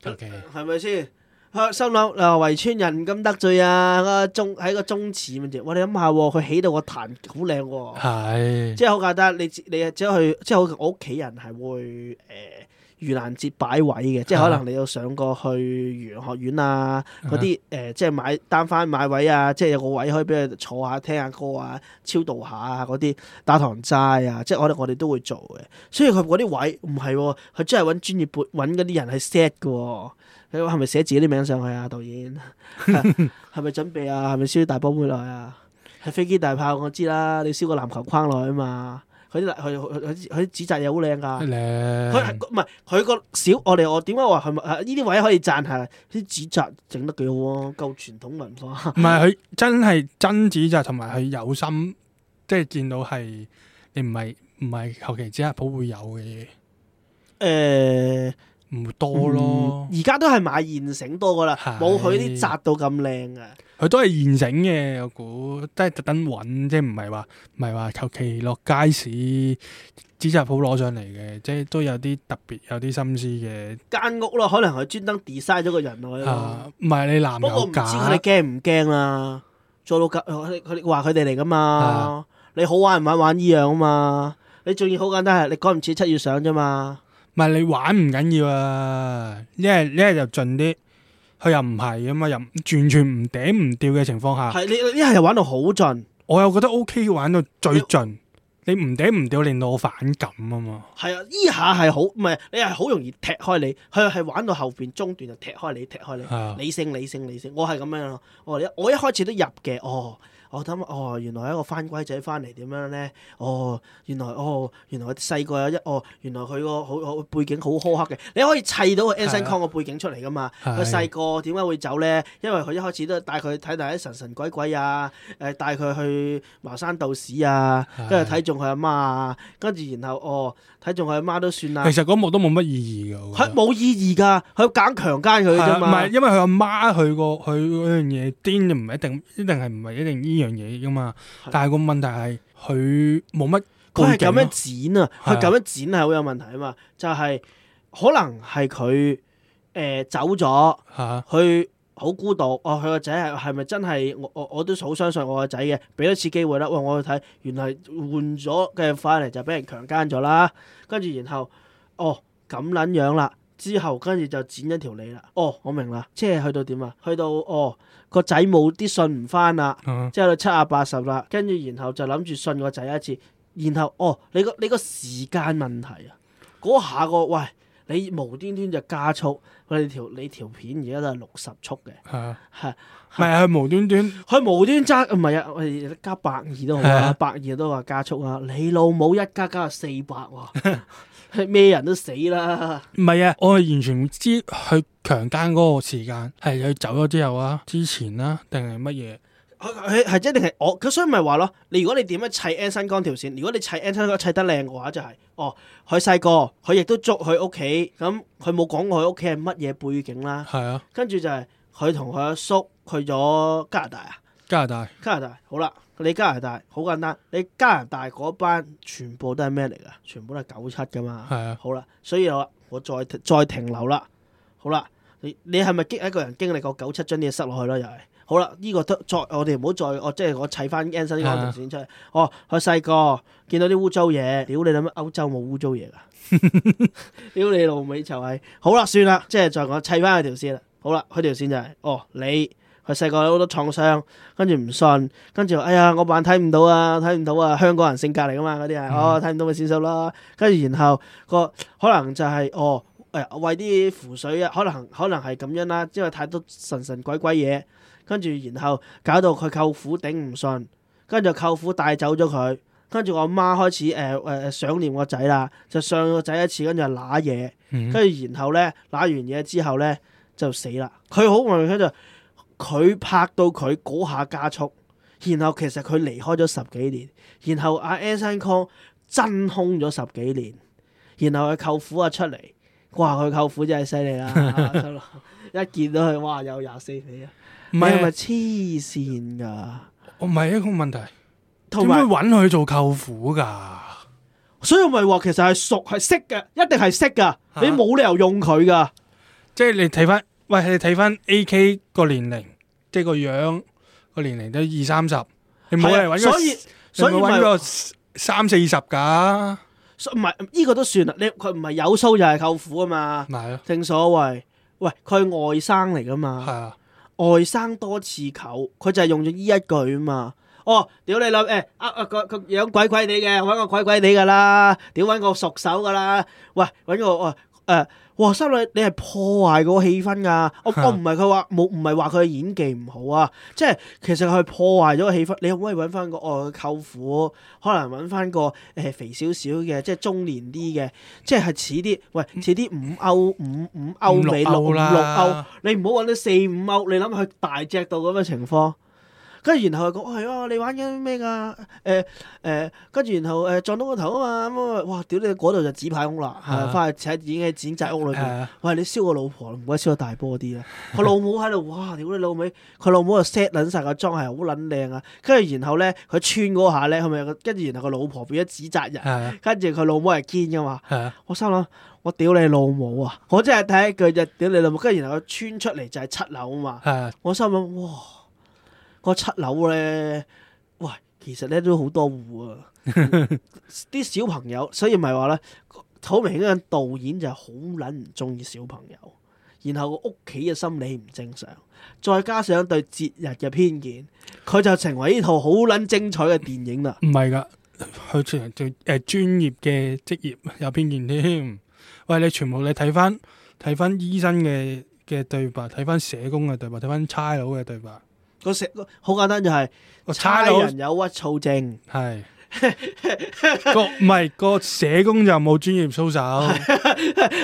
Speaker 2: ，o K 係咪先？心、okay. 諗啊，圍、啊啊、村人唔敢得罪啊！啊個宗喺個宗祠乜嘢？哇！你諗下、啊，佢起到個壇好靚
Speaker 1: 喎，是即係
Speaker 2: 好簡單。你你，你即係即係我屋企人係會誒。呃盂蘭節擺位嘅，即係可能你有上過去語言學院啊，嗰啲誒即係買單翻買位啊，即係有個位可以俾你坐下聽下歌啊、超度下啊嗰啲打堂齋啊，即係可能我哋都會做嘅。所以佢嗰啲位唔係，佢、哦、真係揾專業撥揾嗰啲人去 set 嘅、哦。你話係咪寫自己啲名上去啊？導演係咪 準備啊？係咪燒大波妹落去啊？係飛機大炮我知啦，你燒個籃球框落去啊嘛。佢啲佢佢啲紙扎嘢好靚噶，佢唔係佢個小我哋我點解話佢唔呢啲位可以讚下，啲紙紮整得幾好喎，夠傳統文化。
Speaker 1: 唔係佢真係真紙紮，同埋佢有心，即係見到係你唔係唔係後期紙客鋪會有嘅嘢。誒、欸，唔多咯。而家、嗯、都係買現成多噶啦，冇佢啲紮
Speaker 2: 到咁靚呀。
Speaker 1: 佢都係現成嘅，我估都係特登揾，即係唔係話唔係話求其落街市紙紮鋪攞上嚟嘅，即係都有啲特別，有啲心思嘅。
Speaker 2: 間屋咯，可能佢專登 design 咗個人來、啊。嚇、啊！唔係你男友㗎。我不過唔知佢哋驚唔驚啦。做到咁，佢佢話佢哋嚟㗎嘛？你好玩唔玩玩呢樣啊嘛？你仲要好簡單係，你趕唔切七月上啫嘛？
Speaker 1: 唔係你玩唔緊要啊！一係一係就盡啲。佢又唔係啊嘛，又完全唔頂唔掉嘅情況下，係你呢？係玩到好盡，我又覺得 O、OK、K 玩到最盡，你唔頂唔掉，令到我反感啊嘛。
Speaker 2: 係啊，呢下係好唔係？你係好容易踢開你，佢係玩到後邊中段就踢開你，踢開你，理性理性理性，我係咁樣咯。我我一開始都入嘅，哦。我諗哦，原來一個返歸仔返嚟點樣咧？哦，原來哦，原來佢細個有一哦，原來佢個好好背景好苛刻嘅，你可以砌到個 s n c i o n 個背景出嚟噶嘛？佢細個點解會走咧？因為佢一開始都帶佢睇第神神鬼鬼啊，誒帶佢去茅山道士啊，跟住睇中佢阿媽啊，跟住然後，然後哦睇中佢阿媽都算啦。其實
Speaker 1: 嗰幕都冇乜意義㗎，佢冇意義㗎，佢搞強姦佢啫嘛。唔係因為佢阿媽佢個佢嗰樣嘢癲，唔一定，一定係唔係一定醫。樣嘢噶嘛，但係個問題係佢冇乜，佢係咁樣剪啊，佢咁
Speaker 2: 樣剪係好有問題啊嘛，就係可能係佢誒走咗，佢好是、啊、孤獨，哦，佢個仔係係咪真係我我我都好相信我個仔嘅，俾一次機會啦，哇、哦，我去睇，原來換咗嘅翻嚟就俾人強姦咗啦，跟住然後哦咁捻樣啦。之後跟住就剪咗條脷啦。哦，我明啦，即係去到點啊？去到哦個仔冇啲信唔翻啦，uh huh. 即係到七啊八十啦。跟住然後就諗住信個仔一次，然後哦你個你個時間問題啊，嗰下個喂。你無端端就加速，佢條你條片而家都係六十速嘅，係咪啊？啊無端端，佢無端揸，唔係啊？加百二都好啊，百二都話加速啊！你老母一加加四百喎，咩 人都死啦！
Speaker 1: 唔係啊，我係完全唔知佢強姦嗰個時間係佢走咗之後啊，之前啦定係乜嘢？佢佢係即係定係我，咁所以咪話咯？你如果你
Speaker 2: 點樣砌 N 新光條線？如果你砌 N 新光砌得靚嘅話，就係、是、哦，佢細個佢亦都捉佢屋企，咁佢冇講過佢屋企係乜嘢背景啦。係是啊，跟住就係佢同佢阿叔去咗加拿大啊！加拿大，加拿大，好啦，你加拿大好簡單，你加拿大嗰班全部都係咩嚟㗎？全部都係九七噶嘛。係是啊，好啦，所以我我再再停留啦。嗯、好啦，你你係咪激一個人經歷過九七將啲嘢塞落去咯？又係。好啦，呢、這個都再我哋唔好再哦，即係我砌翻 Anson 呢條線出嚟。哦，佢細個見到啲污糟嘢，屌你諗乜？歐洲冇污糟嘢噶，屌你老味，就係好啦，算啦，即係再講砌翻佢條線啦。好啦，佢條線就係、是、哦，你，佢細個有好多創傷，跟住唔信，跟住哎呀，我扮睇唔到啊，睇唔到啊，香港人性格嚟噶嘛，嗰啲係哦，睇唔到咪少少啦。跟住然後個可能就係、是、哦喂啲、哎、符水啊，可能可能係咁樣啦，因為太多神神鬼鬼嘢。跟住然後搞到佢舅父頂唔順，跟住舅父帶走咗佢，跟住我媽開始誒誒、呃呃、想念個仔啦，就上個仔一次，跟住拿嘢，跟住然後咧拿完嘢之後咧就死啦。佢好我哋跟住佢拍到佢嗰下加速，然後其實佢離開咗十幾年，然後阿 Anson Kong 真空咗十幾年，然後佢舅父啊出嚟，哇！佢舅父真係犀利啦， 一見到佢哇有廿四歲啊！
Speaker 1: 唔係，係咪黐線噶？我唔係一個問題，點解揾佢做舅父噶？所以咪話其實係熟，係識嘅，一定係識噶。你冇理由用佢噶。即係你睇翻，喂，你睇翻 AK 個年齡，即係個樣個年齡都二三十，你冇嚟揾個，所以所以揾個三四十噶。所以唔係呢個都算啦。你佢唔係有叔
Speaker 2: 就係舅父啊嘛。係啊，正所謂，喂，佢外甥嚟噶嘛。係啊。外甥多刺球，佢就係用咗呢一句啊嘛。哦，屌你老誒、哎，啊啊，佢佢樣鬼鬼哋嘅，揾、呃呃、個鬼鬼哋㗎啦，屌揾個熟手㗎啦，喂，揾個誒誒。Tenía, 哇！三女，你係破壞嗰個氣氛噶、啊。我的我唔係佢話冇，唔係話佢演技唔好啊。即係其實佢破壞咗個氣氛。你可唔可以揾翻、個外、哦、舅父，可能揾翻個誒、呃、肥少少嘅，即係中年啲嘅，即係似啲，喂似啲五歐五五歐美六六歐。你唔好揾到四五歐，你諗下佢大隻到咁嘅情況。跟住然後佢講係啊，你玩緊咩㗎？誒、哎、誒，跟、哎、住然後誒撞、哎、到個頭啊嘛咁啊！哇！屌你嗰度就紙牌屋啦，返、uh huh. 去剪剪喺剪宅屋裏邊。Uh huh. 喂，你燒個老婆，唔該燒個大波啲啦！佢、uh huh. 老母喺度，哇！屌你老味！」佢老母就 set 撚晒個妝係好撚靚啊！跟住然後咧佢穿嗰下咧，佢咪跟住然後個老婆變咗紙紮人，跟住佢老母係堅噶嘛。Uh huh. 我心諗我屌你老母啊！我真係睇一句就屌你老母，跟住然後佢穿出嚟就係七樓啊嘛。Uh huh. 我心諗哇！個七樓咧，喂，其實咧都好多戶啊。啲 小朋友，所以咪話咧，好明顯嘅導演就係好撚唔中意小朋友，然後屋企嘅心理唔正常，再加上對節日嘅偏見，佢就成為呢套好撚精彩嘅電影啦。
Speaker 1: 唔係噶，佢全係對誒專業嘅職業有偏見添。喂，你全部你睇翻睇翻醫生嘅嘅對白，睇翻社工嘅對白，睇翻差佬嘅對白。個食，好簡單就係差人
Speaker 2: 有鬱躁症。係。
Speaker 1: 個唔係個社工就冇專業操守，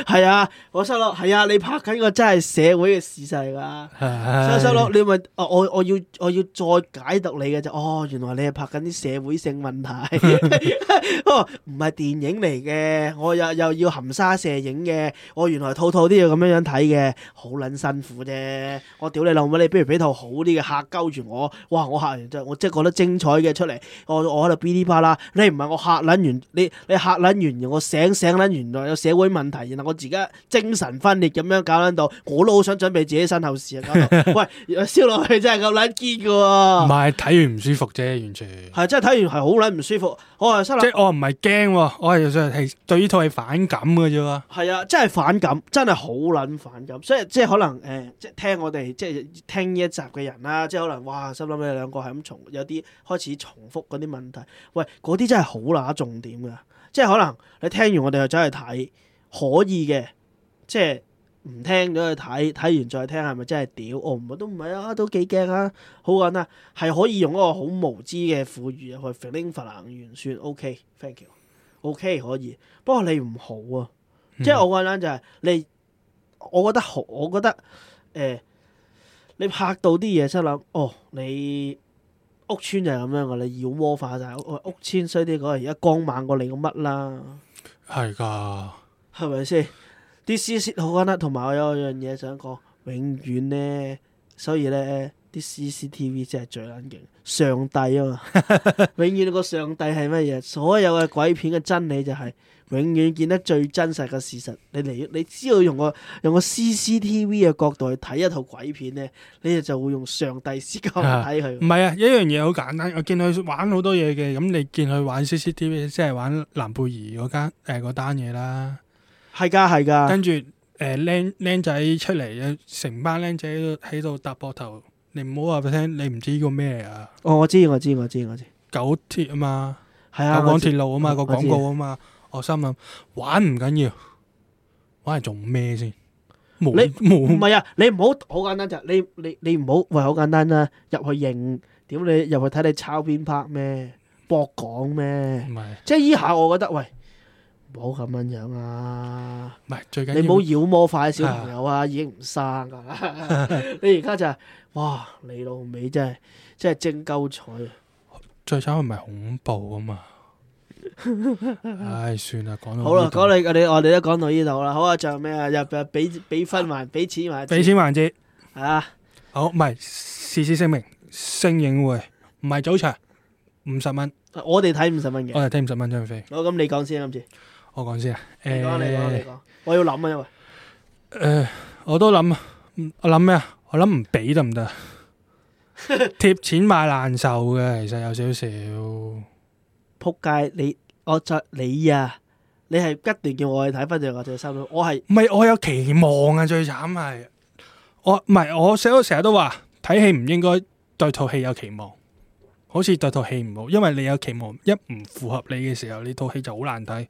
Speaker 2: 係 啊，我收落，係啊，你拍緊個真係社會嘅事實嚟㗎， 啊、
Speaker 1: 收收落，你
Speaker 2: 咪，我我要我要再解讀你嘅就，哦，原來你係拍緊啲社會性問題， 哦，唔係電影嚟嘅，我又又要含沙射影嘅，我原來套套都要咁樣樣睇嘅，好撚辛苦啫，我屌你老母，你不如俾套好啲嘅客鳩住我，哇，我客完就我即係覺得精彩嘅出嚟，我我喺度 B D 拍。你唔係我吓撚完，你你吓撚完，然後我醒醒撚完，原來有社會問題，然後我自己精神分裂咁樣搞撚到，我都好想準備自己身後事搞到 啊！喂，燒落去真係夠撚堅
Speaker 1: 噶，唔係，睇完唔舒服啫，完全係真係睇完係好撚唔舒服。哦、我係即係我唔係驚，我係就係對呢套係反感嘅啫。係啊，真係反感，真係好撚反感。所以即係可能
Speaker 2: 誒，即係聽我哋即係聽呢一集嘅人啦，即係可能哇，心諗你哋兩個係咁重有啲開始重複嗰啲問題，喂，嗰啲真係好乸重點噶。即係可能你聽完我哋又走去睇，可以嘅，即係。唔聽咗去睇，睇完再聽，係咪真係屌？我唔都唔係啊，都幾驚啊，好玩啊，係可以用一個好無知嘅苦語去 floating 發行員算 OK，thank、OK, you，OK、OK, 可以。不過你唔好啊，嗯、即係我講緊就係、是、你，我覺得好，我覺得誒、呃，你拍到啲嘢出嚟，哦，你屋邨就係咁樣嘅，你妖魔化晒屋邨衰啲講，而家光猛過你個乜啦？
Speaker 1: 係㗎的，
Speaker 2: 係咪先？啲 C C 好簡單，同埋我有樣嘢想講，永遠咧，所以咧，啲 C C T V 真係最撚勁，上帝啊嘛， 永遠個上帝係乜嘢？所有嘅鬼片嘅真理就係、是，永遠見得最真實嘅事實。你嚟，你只要用個用個 C C T V 嘅角度去睇一套鬼片咧，你就會用上帝視角去睇佢。唔
Speaker 1: 係啊，啊，一樣嘢好簡單，我見佢玩好多嘢嘅，咁你見佢玩 C C T V，即係玩藍貝兒嗰間誒嗰單嘢啦。係噶，係噶。跟住誒，僆僆仔出嚟，成班僆仔喺度搭膊頭。你唔好話俾聽，你唔知呢個咩啊？哦，我知，我知，我知，我知。九鐵啊嘛，係啊，港鐵路啊嘛，個廣告啊嘛。我心諗玩唔緊要，玩係做咩先？冇，你冇。唔係啊？
Speaker 2: 你唔好，好簡單就你，你你唔好喂，好簡單啦、啊。入去認點？你入去睇你抄邊拍咩？博講咩？唔係，即係呢下我覺得喂。唔好咁樣樣啊！唔
Speaker 1: 係最緊，你唔好妖魔化小
Speaker 2: 朋友啊， 已經唔生噶啦。 你而家就係、
Speaker 1: 哇，你老味真
Speaker 2: 係真係精鳩彩。啊，
Speaker 1: 最慘係咪恐怖啊嘛？唉、 哎，算啦，講到好啦，
Speaker 2: 講你，你我哋我哋都講到呢度啦。好啊，仲有咩啊？入入俾俾分還，俾錢還，俾錢還錢
Speaker 1: 啊！好，唔係事事聲明，聲影會唔係早場五十蚊，
Speaker 2: 我哋睇五十蚊嘅，我哋睇五十蚊張飛。好，咁你講先諗住。今次
Speaker 1: 我講先啊，你講你講你講，
Speaker 2: 我要諗啊，因為
Speaker 1: 誒，我都諗啊，我諗咩啊？我諗唔俾得唔得？貼錢買難受嘅，其實有少少
Speaker 2: 撲街。你我着你啊，你係不斷叫我去睇翻啲嘢，我就收唔到。
Speaker 1: 我係唔係我有期望啊？最慘係我唔係我成日都成日都話睇戲唔應該對套戲有期望，好似對套戲唔好，因為你有期望，一唔符合你嘅時候，你套戲就好難睇。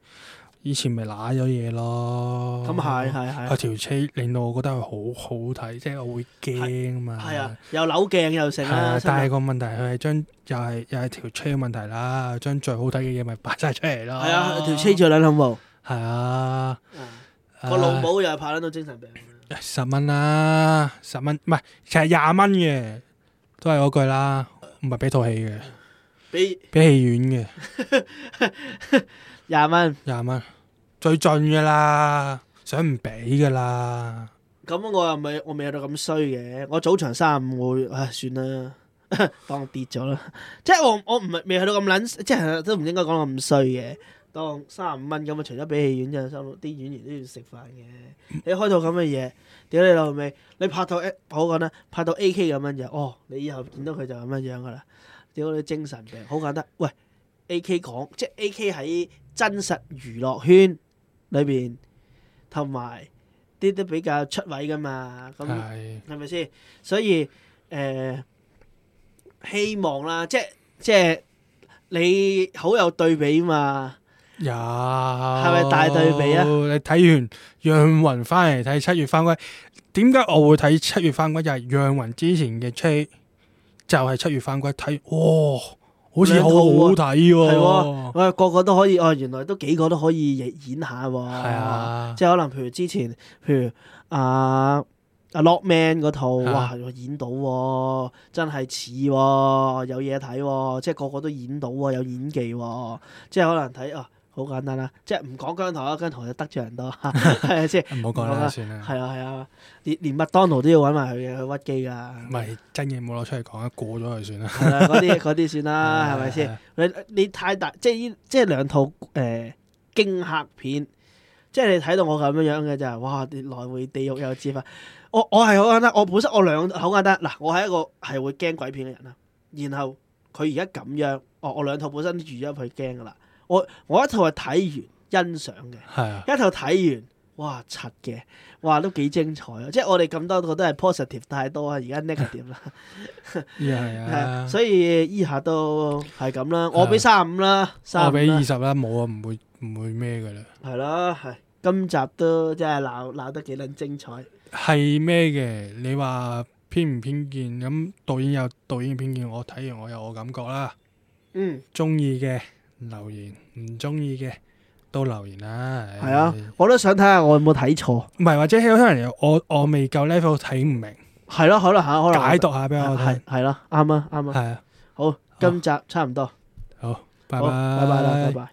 Speaker 1: 以前咪揦咗嘢咯，咁係係係。啊條車令到我覺得佢好好睇，即係我會驚啊嘛。係
Speaker 2: 啊，又扭鏡又成啦。係啊，但係、啊、裡個
Speaker 1: 問題佢係將又係又係條車嘅問題啦，將最好睇嘅嘢咪擺晒出嚟咯。係啊，條車最撚恐怖。係啊，嗯、啊個老母又
Speaker 2: 係怕到精神病、啊。
Speaker 1: 十蚊啦、啊，十蚊唔係其實廿蚊嘅，都係嗰句啦，唔係俾套戲嘅，俾俾戲院嘅。 廿蚊，廿蚊，最盡噶啦，想唔俾噶啦。
Speaker 2: 咁我又咪我未去到咁衰嘅，我早場卅五，我唉算啦，當跌咗啦。即係我我唔係未去到咁撚，即係都唔應該講到咁衰嘅。當卅五蚊咁啊，除咗俾戲院嘅收入，啲演員都要食飯嘅。你開套咁嘅嘢，屌你老味，你拍到 A 好簡單，拍到 AK 咁樣就哦，你以後見到佢就咁樣樣噶啦。屌你精神病，好簡單。喂，AK 講即係 AK 喺。真實娛樂圈裏邊，同埋啲都比較出位噶嘛，咁係咪先？所以誒、呃，希望啦，即係即係你好有對比嘛，
Speaker 1: 有係咪大對比啊，哦？你睇完讓雲翻嚟睇七月返歸，點解我會睇七月返歸？就係、是、讓雲之前嘅吹，就係、是、七月返歸睇，哇！好似好好睇喎，啊，係喎、啊，
Speaker 2: 喂、啊，個個都可以哦，原來都幾個都可以演演下喎，係啊，啊即係可能譬如之前，譬如啊啊 Lockman 嗰套，啊、哇，演到、啊、真係似、啊，有嘢睇、啊，即係個個都演到啊，有演技、啊，即係可能睇啊。好簡單啦，即係唔講姜濤啦，姜濤就得罪人多，係咪先？唔好講啦，算啦。係啊係啊，連連麥當勞都要揾埋佢嘅，去屈機㗎。唔係
Speaker 1: 真嘢，冇攞出嚟講啊，講過咗就算
Speaker 2: 啦。嗰啲啲算啦，係咪先？你太大，即係呢即係兩套誒驚嚇片，即係你睇到我咁樣樣嘅就係哇，你來回地獄又折返。我我係好簡單，我本身我兩好簡單嗱，我係一個係會驚鬼片嘅人啊。然後佢而家咁樣，哦，我兩套本身都預咗佢驚㗎啦。我我一套係睇完欣賞
Speaker 1: 嘅，
Speaker 2: 啊、一套睇完哇柒嘅，哇、呃呃、都幾精彩啊。即係我哋咁多個都係 positive 太多啊，而家 negative 啦。依 yeah, yeah, 下係啊，所以依下都係咁啦。我俾三十五啦，我俾二
Speaker 1: 十啦，冇啊，唔會唔會咩嘅啦。
Speaker 2: 係咯，係。今集都即係鬧鬧得幾撚精彩。
Speaker 1: 係咩嘅？你話偏唔偏見咁？導演有導演嘅偏見，我睇完我有，有我感覺啦。嗯，中意嘅。留言唔中意嘅都留言啦。係啊，哎、我都想睇下我有冇睇錯。唔係，或者有啲人我我未夠 level 睇唔明。係咯、啊，可能解解讀下俾我睇。係係咯，啱啊啱啊。係啊，啊啊好，今集差唔多、啊。好，拜拜拜拜拜拜。拜拜
Speaker 2: 拜拜。